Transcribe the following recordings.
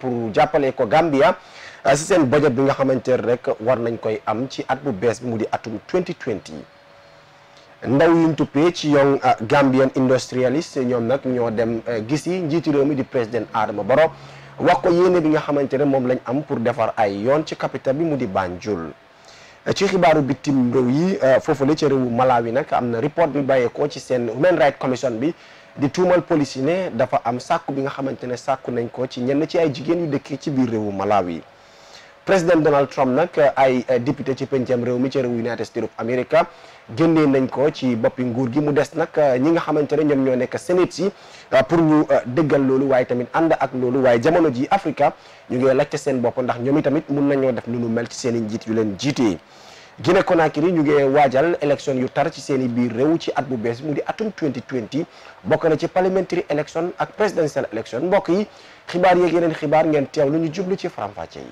pour jàppale ko Gambia euh, si seen budget bi nga xamante ne rek war nañ koy am ci at bu bees bi mu di atum 2020 ndaw yuñ tuppee ci young euh, Gambian industrialist ñoom nag ñoo dem euh, gis yi njiiti réew mi di président Adama Barrow wax ko yéene bi nga xamante ne moom lañ am pour defar ay yoon ci capital bi mu di jul ci xibaaru bitim réew yi foofu foofule ci réewu Malawi nag am na report bi bàyyeekoo ci seen Human Rights Commission bi di tuumal police yi ne dafa am sàkku bi nga xamante ne sàkk nañ ko ci ñenn ci ay jigéen yu dëkkee ci biir réewu Malawi président Donald Trump nag ay député ci pencam réew mi ci réew United States of America génnee nañ ko ci boppi nguur gi mu des nag euh, ñi nga xamante ne ñoom ñoo nekk Sénégal si euh, pour ñu euh, dëggal loolu waaye tamit ànd ak loolu waaye jamono ji Africa ñu ngi laajte seen bopp ndax ñoom i tamit mun nañoo def lu nu mel ci seeni njiit yu leen jiitee Guinée Conakry ñu ngi waajal élection yu tar ci seeni i biir réew ci at bu bees mu di atum bokk na ci parliamentary election ak presidential election mbokk yi xibaar yeeg yeneen xibaar ngeen teew lu ñu jublu ci faram yi.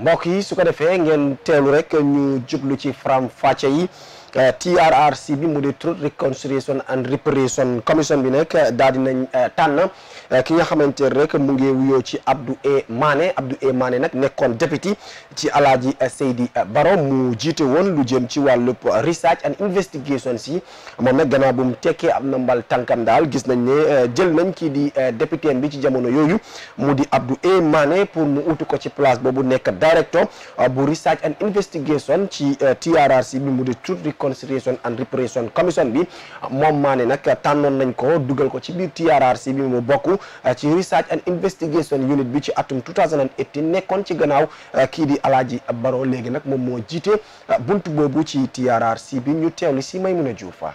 mbokk yi su ko defee ngeen teelu rek ñu jublu ci faram fàcce yi Euh, TRRC bi mu di Truth Reconciliation and Reparation Commission bi nag euh, daal di nañ euh, tànn ki nga xamante rek mu ngi wuyoo ci Abdou E Mané Abdou E Mané nag nekkoon député ci Alaaji Seydi Baro mu jiite woon lu jëm ci wàll wàllub research and investigation si moom nag gannaaw bu mu tekkee am na mbal tànkam daal gis nañ ne jël nañ kii di député bi ci jamono yooyu mu di Abdou E Mané pour mu utu ko ci place boobu nekk directeur bu research and investigation ci TRRC bi mu reconciliation and reparation commission bi moom Mané nag tànnoon nañ ko dugal ko ci biir TRRC bi mu bokk ci research and investigation unit bi ci atum nekkoon ci gannaaw kii di Alaaji Baro léegi nag moom moo jiite buntu boobu ci TRRC bi ñu teewli si Maymuna Juufa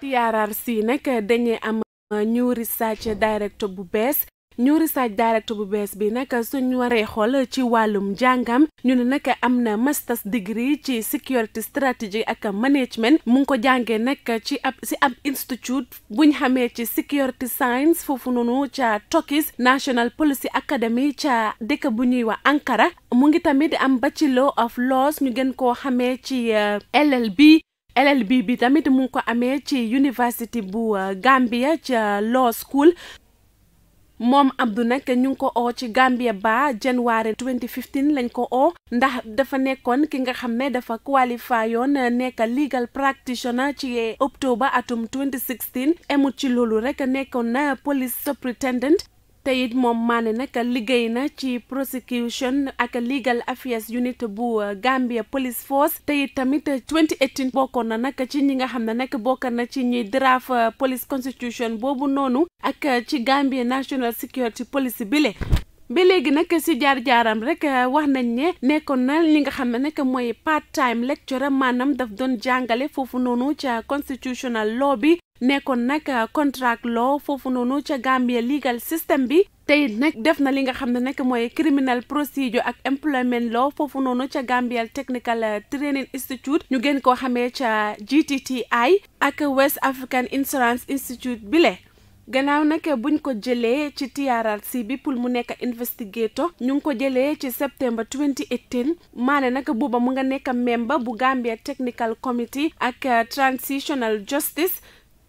TRRC nag dañuy am ñu research director bu bees ñu research director bu bees bi nag suñu waree xool ci wàllum jàngam ñu ne nag am na masters degree ci security strategy ak management mu ngi ko jàngee nag ci ab ci ab institute bu ñu xamee ci security science foofu noonu ca tokis National Policy Academy ca dëkk bu ñuy wax Ankara mu ngi tamit am bachelor of laws ñu gën koo xamee ci eh, LLB. LLB bi tamit mu ngi ko amee ci university bu eh, Gambia ca law school moom Abdou nag ñu ngi ko oo ci Gambia ba janvier 2015 lañ ko oo ndax dafa nekkoon ki nga xam ne dafa qualifié yoon nekk legal practitioner ci octobre atum 2016 emut ci loolu rek nekkoon na police superintendent te it moom Mané nag liggéey na ci prosecution ak legal affairs unit bu uh, Gambia police force te it tamit 2018 bokkoon na nag ci ñi nga xam ne nag bokkan na ci ñi draft uh, police constitution boobu noonu ak uh, ci Gambia national security police bi lee bi léegi nag si jaar-jaaram rek wax nañ ne nekkoon na li nga xam ne nag mooy part time lecturer maanaam daf doon jàngale foofu noonu ca constitutional law bi nekkoon nag euh, contract law foofu noonu ca Gambia legal system bi tey nag def na li nga xam ne nag mooy criminal procedure ak employment law foofu noonu ca Gambia Technical euh, Training Institute ñu gën koo xamee ca GTTI ak West African Insurance Institute bile. gannaaw nag buñ ko jëlee ci TRRC bi pour mu nekk investigator ñu ngi ko jëlee ci septembre 2018 maane nag ba mu nga nekk membre bu Gambia Technical Committee ak euh, Transitional Justice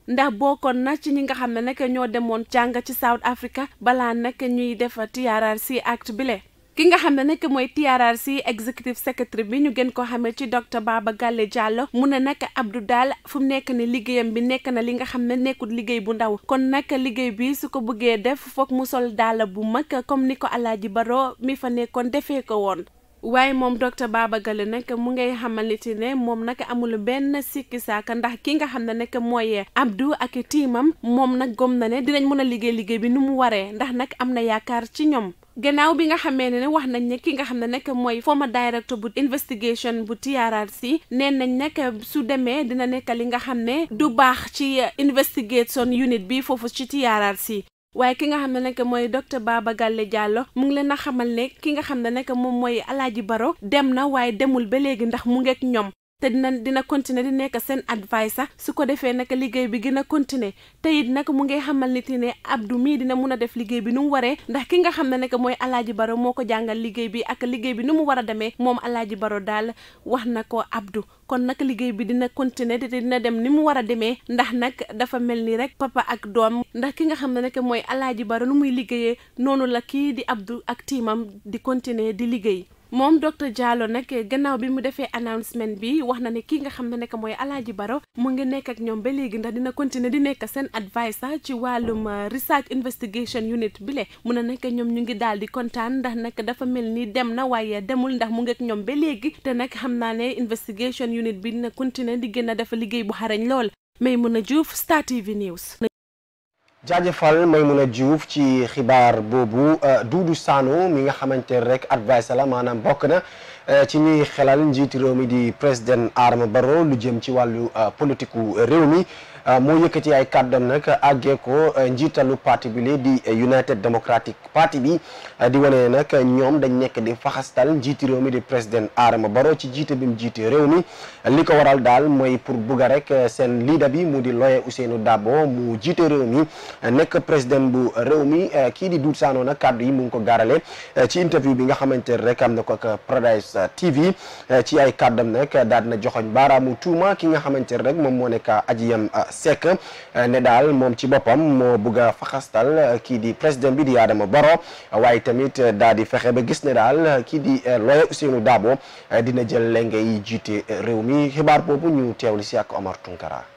ndax bokkoon na ci ñi nga xam ne nag ñoo demoon jàng ci South Africa balaa nag ñuy def TRRC Act bile. ki nga xam ne nag mooy si executive secretary bi ñu gën ko xamee ci docteur Baba Galle Diallo mu ne nag Abdou daal fu mu nekk ni liggéeyam bi nekk na li nga xam ne nekkul liggéey bu ndaw kon nag liggéey bi su ko bëggee def foog mu sol daala bu mag comme ni ko Alaaji Baro mi fa nekkoon defee ko woon. waaye moom docteur baaba Galle nag mu ngay xamaliti ne moom nag amul benn sikki saaka ndax ki nga xam ne nag mooy Abdou ak tiimam moom nag gom na ne dinañ mën a liggéey liggéey bi nu mu waree ndax nag am na yaakaar ci ñoom. gannaaw bi nga xamee ne wax nañ ne ki nga xam ne nag mooy former director bu investigation bu TRRC nee nañ nag su demee dina nekk li nga xam ne du baax ci investigation unit bi foofu ci TRRC waaye ki nga xam ne nag mooy docteur Baba Galle Diallo mu ngi leen a xamal ne ki nga xam ne nag moom mooy Alaaji Baro dem na waaye demul ba léegi ndax mu ngeek ñoom te dina dina continuer di nekk seen adviser su ko defee nag liggéey bi gën a continuer te it mu ngay xamal nit ñi ne Abdou mii dina mun a def liggéey bi nu mu waree ndax ki nga xam ne nag mooy Alaaji Baro moo ko jàngal liggéey bi ak liggéey bi nu mu war a demee moom Alaaji Baro daal wax na ko abdu kon nag liggéey bi dina continuer te dina dem ni mu war a demee ndax nag dafa mel nii rek papa ak doom ndax ki nga xam ne nag mooy Alaaji Baro nu muy liggéeyee noonu la kii di Abdou ak tiimam di continuer di liggéey moom docteur jaalo nag gannaaw bi mu defee announcement bi wax na ne kii nga xam ne nekk mooy Alaaji Baro mu ngi nekk ak ñoom ba léegi ndax dina continuer di nekk seen advisor ci wàllum euh, research investigation unit bi le mun a nag ñoom ñu ngi daal di kontaan ndax nag dafa mel ni dem na waaye demul ndax mu ngi ak ñoom ba léegi te nag xam naa ne investigation unit bi dina continuer di gën a dafa liggéey bu xarañ lool Maimouna Diouf Star TV News jaajëfal Maimouna Diouf ci xibaar boobu euh, Doudou Sano mi nga xamante rek advice la maanaam bokk na Eh, ci ñuy xelal njiitu réew mi di président Adama Barrow lu jëm ci wàllu eh, politiku réew mi eh, moo ci ay kàddoom nag àggee ko njiitalu parti bi di United Democratic Party bi di wane nag ñoom dañ nekk di faxastal njiiti réew mi di président Adama Barrow ci jiite bi mu jiite réew mi li ko waral daal mooy pour bugga rek seen leader bi mu di Loya Ousseynou Dabo mu jiite réew mi nekk président bu réew mi kii di Doudou Sané nag kàddu yi mu ngi ko garale ci interview bi nga xamante rek am na ko ak TV eh, ci ay kàddam nag daal di na joxoñ baaraamu tuuma ki nga xamante ne rek moom moo nekk aji yam eh, Seck eh, ne daal moom ci boppam moo bugg a faxastal kii di président bi di Adama Barrow waaye tamit daal di fexe ba gis ne daal kii di lawyer Ousainou Darboe dina jël lenge yi jiite réew mi xibaar boobu ñu teewli si ak Omar Tunkara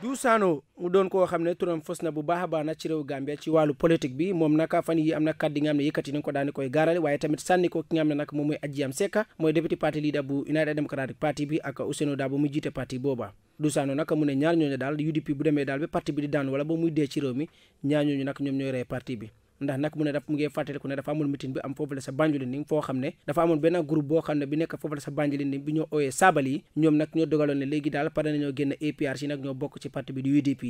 Doudou Sano mu doon koo xam ne turam fës na bu baax a baax nag ci réew Gambia ci wàllu politique bi moom nag fan yi am na kàddu yi ne yëkkati nañ ko daani koy gaarale waaye tamit sànni ko ki nga xam ne nag moom mooy Adjie Seka mooy député parti leader bu United Democratic Party bi ak Ousseynou Dabo mu jiite parti booba Doudou Sano nag ne ñaar ñooñu daal UDP bu demee daal ba parti bi di daan wala ba muy dee ci mi ñaar ñooñu nag ñoom ñooy bi ndax nag mu ne daf mu ngi fàttaliku ne dafa amoon meeting bi am foofu la sa Banjulinning foo xam ne dafa amoon benn groupe boo xam ne bi nekk foofu la sa Banjulinning bi ñoo ooyee saabal yi ñoom nag ñoo dogaloon ne léegi daal pare nañoo génn APRC nag ñoo bokk ci parti bi di UDP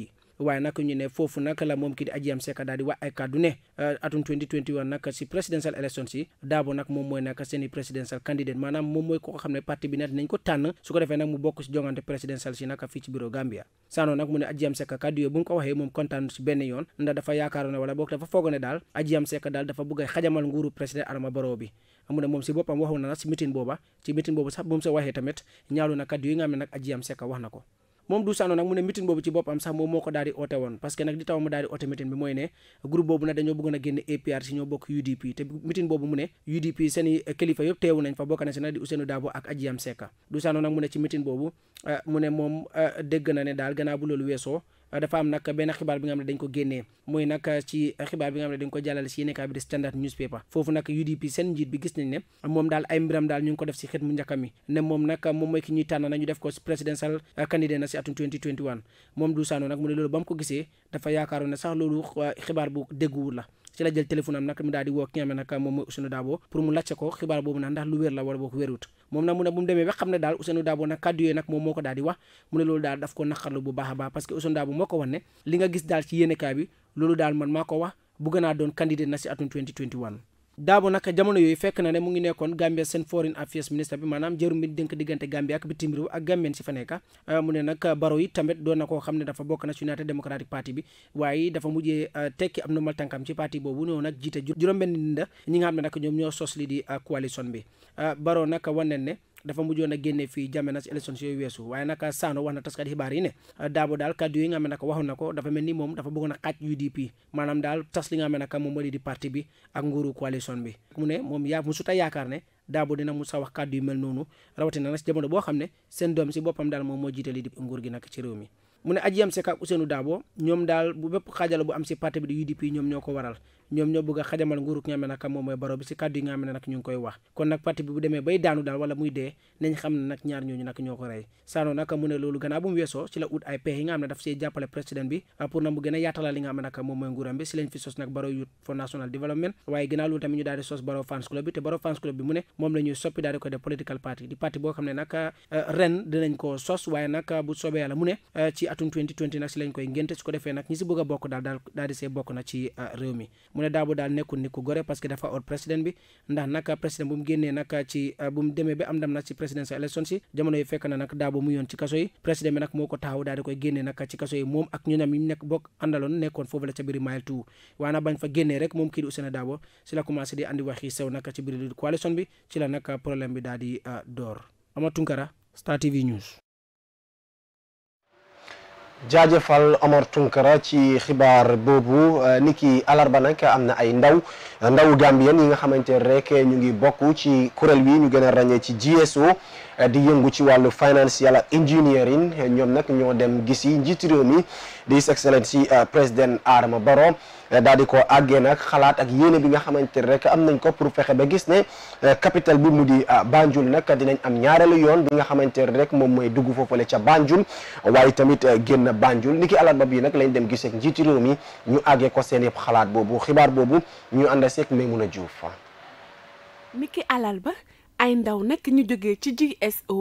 waaye nag ñu ne foofu nag la moom ki di Adji Yam Seck daal di wax ay kàddu ne euh, atum 2021 nag si presidential election si Darboe nag moom mooy nag seen i presidential candidate maanaam moom mooy ko xam ne parti bi nag dinañ ko tànn su ko defee nag mu bokk si jongante presidential si nag fii ci Gambia saanoo nag mu ne Adji Yam Seck kàddu moom kontaan si benn yoon ndax dafa yaakaaroon ne wala boog dafa foogoon ne daal Adji Yam Seck a xajamal nguuru président Adama Barrow bi a ne moom si boppam waxoon na nag si meeting booba ci meeting boobu sax moom sa waxee tamit ñaalu na kàddu yi nga xam ne nag Adji wax na ko moom du sano nag mu ne meeting boobu ci boppam sax moom moo ko daal di oote woon parce que nag li taw mu daal di oote meeting bi mooy ne groupe boobu nag dañoo bëggoon a génn APRC si ñoo bokk UDP te meeting boobu mu ne UDP seen i yëpp teewu nañ fa bokk na si nag di Ousseynou Dabo ak Adjiyam Secka du sano nag mu ne ci meeting boobu euh, mu ne moom euh, dégg na ne daal gannaaw bu loolu weesoo dafa am nag benn xibaar bi nga xam ne dañ ko génnee mooy nag ci xibaar bi nga xam ne dañ ko jàllale si yéenekaay bi di Standard newspaper foofu nag UDP seen njiit bi gis nañ ne moom daal ay mbiram daal ñu ngi ko def si xët mu njëkk mi ne moom nag moom mooy ki ñuy tànn nañu def ko presidential candidat na si atum 2021 moom Dusaano nag mu ne loolu ba mu ko gisee dafa yaakaaroon ne sax loolu xibaar bu dégguwul la ci la jël téléphone am nag mu daal di woo ki nga xam ne nag moom mooy Ousseynou Dabo pour mu lacce ko xibaar boobu nag ndax lu wér la wala boo ko wérut moom nag mu ne bu demee ba ne daal Ousseynou Dabo nag kàddu yooyu nag moom moo ko daal di wax mu ne loolu daal daf ko naqarlu bu baax a baax parce que Ousseynou moo ko wan li nga gis daal ci yéenekaay bi loolu daal man maa ko wax bëgg naa doon candidat na si atum 2021 daabo naka jamono yooyu fekk na ne mu ngi nekkoon Gambia seen foreign affairs minister bi maanaam jërum bi dénk diggante Gambia ak bitim réew ak Gambien si fa nekk ah, ne nag Barrow yi tamit doon na oo xam ne dafa bokk na ci United Democratic Party bi waaye dafa mujjee ah, tekki am normal tànkam ci parti boobu ñëw nag jiite juróom-benn nit ñi nga xam ne nag ñoom ñoo sos li di ah, coalition bi baro nag wane ne dafa mujjoon a génne fii jamono ci élection yooyu weesu waaye nag Sano wax na taskat xibaar yi ne Dabo daal kàddu yi nga xam ne nag waxoon na ko dafa mel ni moom dafa bëggoon a xaaj UDP maanaam daal tas moo parti bi ak nguuru coalition bi mu ne moom yaa mu suta yaakaar ne Dabo dina mu sa wax kàddu yu mel noonu rawatina nag ci jamono boo xam ne seen doom si boppam daal moom moo jiite lii di nguur gi nag ci réew mi mu ne Aji Yamseh ak Ousseynou Dabo ñoom daal bu bépp xaajala bu am si parti bi di UDP ñoom ñoo ko waral ñoom ñoo bëgg a xajamal nguuruk nga xam ne nag moom mooy baro bi si kàddu yi nga xam ne nag ñu ngi koy wax kon nag parti bi bu demee bay daanu daal wala muy dee nañ xam ne nag ñaar ñooñu nag na mu ah, ñu daal la mu ne ah, ah, ci atum 2020 nag si koy ngénte su ko defee nag ñi si bëgg a bokk daal daal di see bokk na ci réew mi mu ne Daabo daal nekkul nit gore parce que dafa or président bi ndax naka président bu mu génnee naka ci euh, bu mu demee ci présidential yi fekk na nag Daabo mu yoon ci kaso yi président bi nag moo ko taxaw daal di koy génnee naka ci kaso moom ak ñu nam nekk bokk àndaloon nekkoon foofu la ca biir Mile 2 waaye fa génnee rek moom kii di Ousainou Daabo si la commencé di andi waxi sew naka ci biir coalition bi ci la nag problème bi daal euh, jaajëfal Omar Tunkara ci xibaar boobu eh, niki alarba nag am na ay ndaw ndaw Gambien yi nga xamante rek ñu ngi bokk ci kuréel wi ñu gën a ràññee ci GSO. Eh, di yëngu ci wàllu financial engineering ñoom nag ñoo dem gis yi njiitu réew mi di His Excellency eh, président aarama Barrow eh, daal di ko àggee nag xalaat ak yéene bi nga xamante rek am nañ ko pour fexe ba gis ne capital bi mu di Banjul nag dinañ am ñaareelu yoon bi nga xamante rek moom mooy dugg foofule ca Banjul waaye tamit génn Banjul niki àllarba bii nag lañ dem gisee ak njiitu mi ñu àggee ko seen xalaat boobu xibaar boobu ñu ànd seeg Maimouna Diouf. niki àllarba ay ndaw nag ñu jógee ci GSO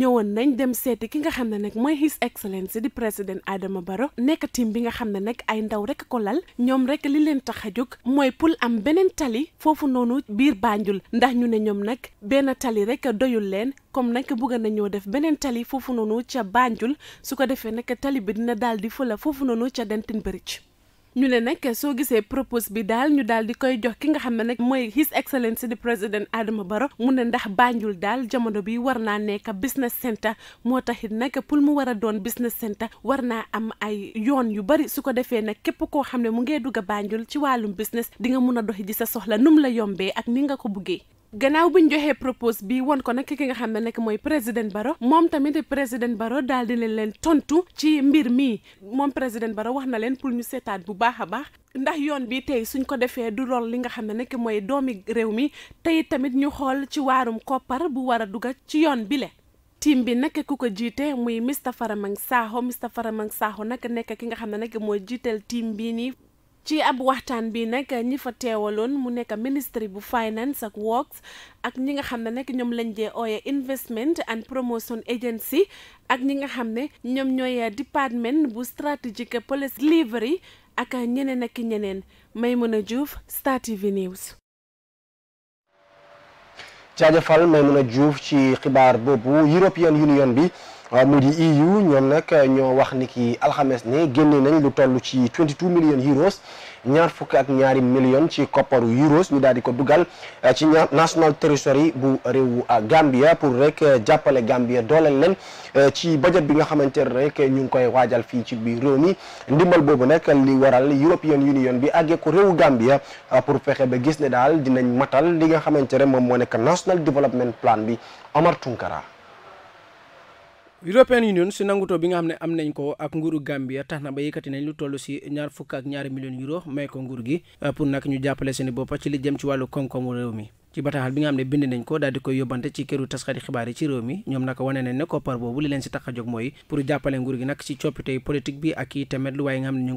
ñëwoon nañ dem seeti ki nga xam ne nag mooy His Excellency di président Adama Barrow nekk team bi nga xam ne nag ay ndaw rek ko lal ñoom rek li leen tax a jóg mooy pour am beneen tali foofu noonu biir Banjul ndax ñu ne ñoom nag benn tali rek doyul leen comme nag bëgg nañoo def beneen tali foofu noonu ca Banjul su ko defee nag tali bi dina daal di fëla foofu noonu ca Denton Bridge ñu ne nag soo gisee propose bi daal ñu daal di koy jox ki nga xam ne nag mooy his excellence di président Adama Barrow mu ne ndax bànjul daal jamono bi war naa nekk business center moo taxit nag pour mu war a doon business center war naa am ay yoon yu bari su ko defee nag képp koo xam ne mu ngee dugg a ci wàllum business di nga mun a doxi ji sa soxla num la yombee ak ni nga ko buggee gannaaw bi ñu joxee propose bi won ko nag ki nga xam ne nag mooy président Baro moom tamit président Baro daal di leen leen tontu ci mbir mi moom président Baro wax na leen pour ñu seetaat bu baax a baax. ndax yoon bi tey suñ ko defee du lool li nga xam ne nag mooy doomi réew mi tey tamit ñu xool ci waarum koppar bu war a dugg ci yoon bi le team bi nag ku ko jiite muy Mr Faramang Sakho Mr Faramang Sakho nag nekk ki nga xam ne nag mooy jiiteel team bii nii. ci ab waxtaan bi nag ñi fa teewaloon mu nekk ministry bu finance ak works ak ñi nga xam ne nag ñoom lañ jee ooye investment and promotion agency ak ñi nga xam ne ñoom ñooy department bu strategic policy delivery ak ñeneen ak ñeneen Maimouna Diouf Star TV News. jaajëfal Maimouna Diouf ci xibaar boobu European Union bi. Ah, mu di EU ñoom nag eh, ñoo wax ni ki alxames ni génne nañ lu toll ci 22 millions euros ñaar fukk ak ñaari million ci kopparu euros ñu daal di ko dugal eh, ci ñaar national territory bu réewu eh, Gambia pour rek jàppale Gambia dooleel leen ci budget bi nga xamante ne rek ñu ngi koy waajal fii ci biir réew mi ndimbal boobu nag li waral European Union bi àggee ko réewu Gambia pour fexe ba gis ne daal dinañ matal li nga xamante ne moom moo nekk national development plan bi Omar European Union si nangutoo bi nga xam ne am nañ ko ak nguuru Gambia tax na ba yëkkati nañ lu toll si ñaar fukk ak ñaari millions euro may ko nguur gi euh, pour nag ñu jàppale seen bopp ci li jëm ci wàllu koom-koomu réew mi. ci bataaxal bi nga xam ne bind nañ ko daal di koy yóbbante ci këru taskati xibaar yi ci réew mi ñoom naka wane nañ ne koppar boobu li leen si tax a jóg mooy pour jàppale nguur gi nag ci coppite yi politique bi ak i tamit lu waaye nga xam ne ñu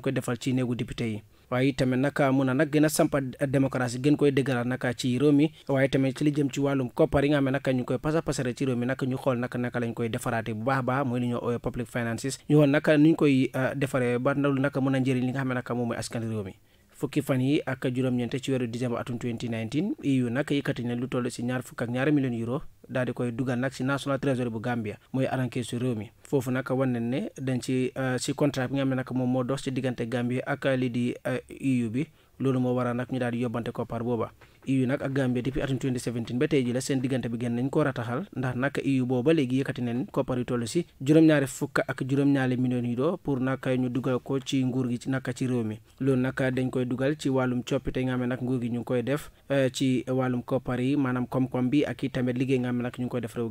ngi koy waaye tamit naka mun a nag gën a samp démocratie gën koy dëgëral naka ci réew mi waaye tamit ci li jëm ci wàllum koppar yi nga xam ne naka ñu koy pasa pasare ci réew mi naka ñu xool naka naka lañ koy defaraate bu baax a baax mooy li ñoo ooyee public finances ñu xool naka nuñ koy euh, defaree ba ndaw naka mun a njëriñ li nga xam ne naka moom mooy askan réew mi fukki fan yi ak juróom-ñeent ci weeru décembre atum 2019 EU nag yëkkati na lu toll si ñaar fukk ak ñaari millions euro daal di koy dugal nak si national trésor bu Gambia mooy arranqué su réew mi foofu nag wan nañ ne dañ ci si euh, contrat bi nga xam ne moom moo dox si diggante Gambie ak lii di EU e bi loolu moo waral nag ñu daal di yóbbante koppar booba EU nag ak Gambie depuis atum 2017 ba tey ji la seen diggante bi gën nañ koo rataxal ndax nag EU booba léegi yëkkati nañ koppar yu toll si juróom-ñaari fukk ak juróom-ñaari millions yu doo pour nag ñu dugal ko ci nguur gi naka ci réew mi loolu nag dañ koy dugal ci wàllum coppite nga xam ne nag nguur gi ñu ngi koy def eh, ci wàllum koppar yi maanaam koom-koom bi ak i tamit liggéey nga xam ne nag ñu ngi koy def réew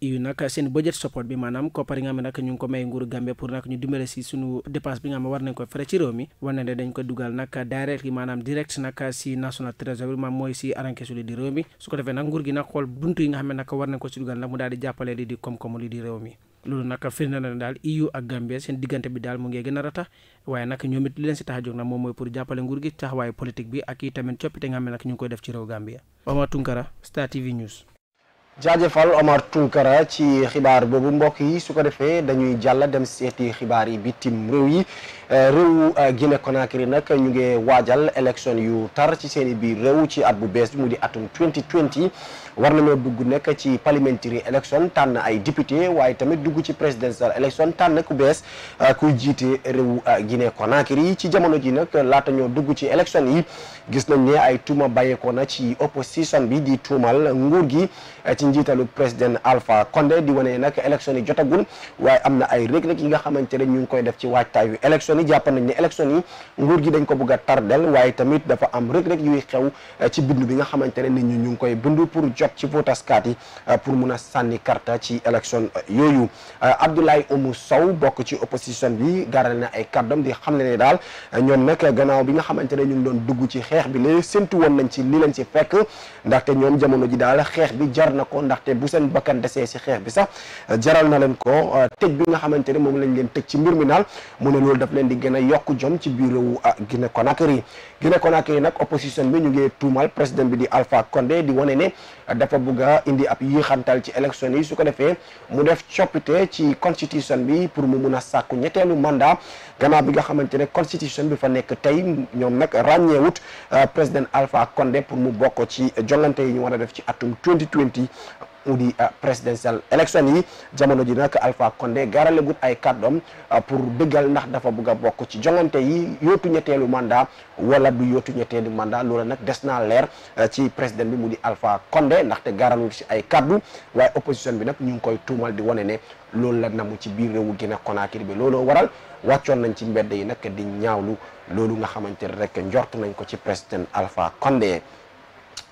yu nag seen budget support bi maanaam koppar yi nga xam ne nag ñu ngi ko may nguuru Gambie pour nag ñu dimbale si suñu dépense bi nga xam ne war ñu ngi koy def ci réew Gambia Omar Tunkara Star TV News jaajëfal Omar Tunkara ci xibaar boobu mbokk yi su ko defee dañuy jàll dem seeti xibaar yi bi tiim réew yi euh, réew euh, Guinée Conakry nag ñu ngi waajal élection yu tar ci seen i biir réew ci at bu bees bi mu di atum 2020 war nañoo dugg nekk ci parliamentary election tànn ay député waaye tamit dugg ci presidential election tànn ku bees euh, kuy jiite réewu euh, Guinée Conakry ci jamono ji nag laata ñoo dugg ci election yi gis nañ ne ay tuuma bàyyeekoo na ci opposition bi di tuumal nguur gi euh, ci njiitalu président Alpha Condé di wane nag élection jotagul waaye am na ay rëg yi nga xamante ne ñu ngi koy def ci waajtaayu élection yi jàpp nañ ne élection yi nguur gi dañ ko bëgg a tardel waaye tamit dafa am rëg-rëg yuy xew ci bindu bi nga xamante ne nit ñi ñu koy bindu pour jot kat ci votaskat yi euh, pour mun a sànni karta ci élection euh, yooyu euh, Abdoulaye Oumou Sow bokk ci opposition bi garal na ay kaddam di xam ne ne daal ñoom nag gannaaw bi nga xamante ne ñu ngi doon dugg ci xeex bi léegi séntu woon nañ ci li leen ci fekk ndaxte ñoom jamono ji daal xeex bi jar na ko ndaxte bu seen bakkan desee si xeex bi sax jaral na leen ko tëj bi nga xamante ne moom lañ leen tëj ci mbir mi naal mu ne loolu daf leen di gën a yokk jom ci biir réewu Guinée Conakry Guinée Conakry nag opposition bi ñu ngi tuumal président bi di Alpha Condé di wane ne dafa bugg a indi ab yéexantal ci élection yi su ko defee mu def coppite ci constitution bi pour mu mun a sàkku ñetteelu mandat gannaaw bi nga xamante ne constitution bi fa nekk tey ñoom nag ràññeewut euh, président Alpha konde pour mu bokk ci jongante yi ñu war a def ci atum 2020 mu di euh, présidentielle élection yi jamono ji nag Alpha Condé gaarale gut ay kàddoom euh, pour dëggal ndax dafa bëgg a bokk ci jongante yi yootu ñetteelu mandat wala du yootu ñetteelu mandat loola nag des naa leer euh, ci président bi mu di Alpha Condé ndaxte gaaralul ci ay kaddu waaye opposition bi nag ñu ngi koy tuumal di wane ne loolu la namu ci biir réewu Guinée Conakry bi looloo waral wàccoon nañ ci mbedd yi nag di ñaawlu loolu nga xamante rek njort nañ ko ci président Alpha Condé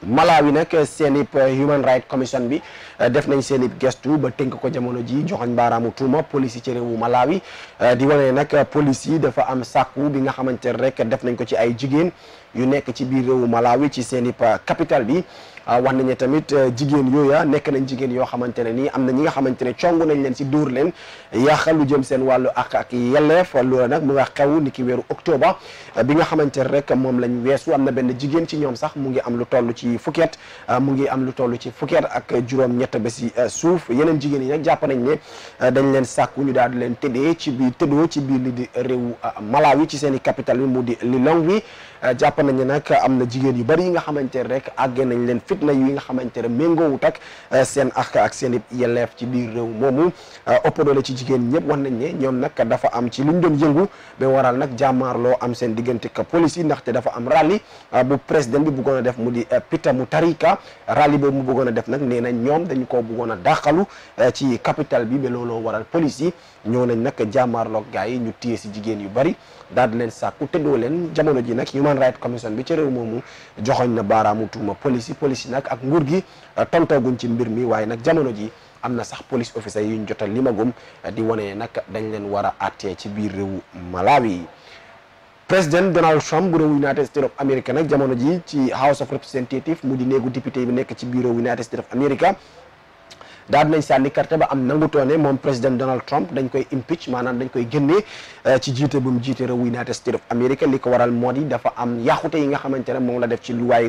Malawi nag seen ib Human Rights Commission bi eh, def nañ seen ib gestu ba tënk ko jamono ji joxoñ baaraamu tuuma police yi ci réewu Malawi eh, di wane nag police yi dafa am sàkku bi nga xamante rek def nañ ko ci ay jigéen yu nekk ci biir réewu Malawi ci seeni i capital bi ah, wax nañu tamit euh, jigéen yooya nekk nañ jigéen yoo xamante ne nii am na ñi nga xamante ne cong nañ leen si dóor leen yaaxal lu jëm seen wàllu ak ak yelleef loola nag mu nga xew ni ki weeru octobre euh, bi nga xamante ne rek moom lañu weesu am na benn jigéen ci ñoom sax mu ngi am lu toll ci fukki euh, mu ngi am lu toll ci fukki ak juróom-ñett ba suuf yeneen jigéen yi nag jàpp nañ ne dañ leen sàkku ñu daal di leen tëddee ci biir tëddoo ci biir li di réewu Malawi ci seen i capital bi mu di Lilongwe jàpp nañu nag am na jigéen yu bari yi nga xamante ne rek àggee nañ leen fitna yi nga xamante ne méngoowut ak euh, seen ak ak seen yelleef ci biir réew moomu euh, ëpp doole ci jigéen ñëpp wax nañ ne ñoom nag dafa am ci luñ doon yëngu ba waral nag jàmmaarloo am seen diggante ak police yi dafa am rallye euh, bu président bi a def mu di pita mu tarika rallye boobu mu bëggoon a def nag nee na ñoom dañu ko buggoon a dàqalu ci capital bi ba looloo waral police yi ñëw nañ nag jàmmaarloo ak yi ñu téye si jigéen yu bari daal leen sàkku tëddoo leen jamono ji nag Human Rights Commission bi ci réew moomu joxoñ na baaraamu tuuma police yi police nag ak nguur gi euh, tontooguñ ci mbir mi waaye nag jamono ji am na sax police officer yu ñu jotal limagum euh, di wane nag dañ leen war a àttee ci biir réewu Malawi. Président Donald Trump bu réew United States of America nag jamono ji ci House of Representatives mu di néegu député bi nekk ci bureau United States of America daal nañ sànni carte ba am nangu toone moom président Donald Trump dañ koy impeach maanaam dañ koy génnee euh, ci jiite bu mu jiite réew United States of America ko waral moo di dafa am yàqute yi nga xamante ne moom la def ci luwaay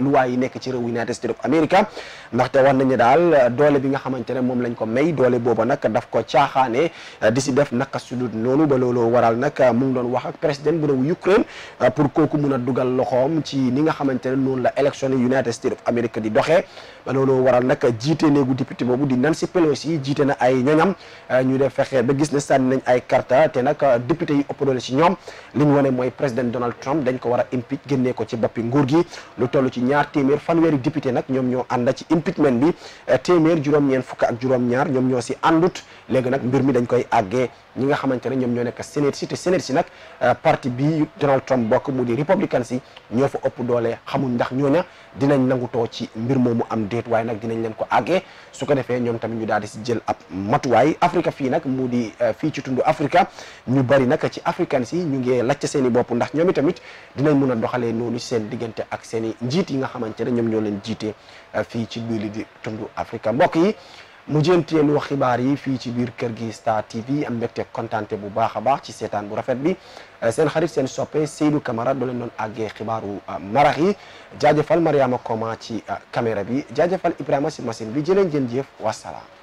luwaay yi nekk ci réew United States of America ndaxte war nañu daal euh, doole bi nga xamante ne moom lañ ko may doole booba nag daf ko caaxaane euh, di si def naka sudut noonu ba looloo waral nag mu ngi doon wax ak président bu réew Ukraine pour kooku mun a dugal loxoom ci ni nga xamante ne noonu la élection United States of America di doxee ba looloo waral nag jiite néegu député boobu boobu di Nancy Pelosi jiite na ay ñoñam euh, ñu def fexe ba gis ne sànni nañ ay karta te nag euh, député yi ëpp doole si ñoom li ñu wane mooy président Donald Trump dañ ko war a impeach génnee ko ci boppi nguur gi lu toll ci ñaar téeméer fanweeri député nag ñoom ñoo ànda ci impeachment bi euh, téeméer juróom-ñeent fukk ak juróom-ñaar ñoom ñoo si àndut léegi nag mbir mi dañ koy àggee ñi nga xamante ne ñoom ñoo nekk Sénat si te Sénat si nag euh, parti bi Donald Trump bokk mu di républicain si ñoo fa ëpp doole xamuñ ndax ñooña dinañ nangutoo ci mbir moomu am déet waaye nag dinañ leen ko àggee su ko defee ñoom tamit ñu daal di si jël ab matuwaay Afrique fii nag mu di euh, fii ci tundu Afrique ñu bari nag ci africain si ñu ngi lacc seen i bopp ndax ñoom itamit dinañ mun a doxalee noonu seen diggante ak seeni njiit yi nga xamante ne ñoom ñoo leen jiite euh, fii ci biir li di tundu Afrique mbokk yi mujjanteelu xibaar yi fii ci biir kër gi Star TV am mbégte kontante bu baax a baax ci seetaan bu rafet bi euh, seen xarit seen soppe Seydou Camara doo leen doon àggee xibaaru euh, marax yi jaajëfal Mariama Koma ci euh, caméra bi jaajëfal Ibrahima si machine bi jëleen jën jëf wasalaam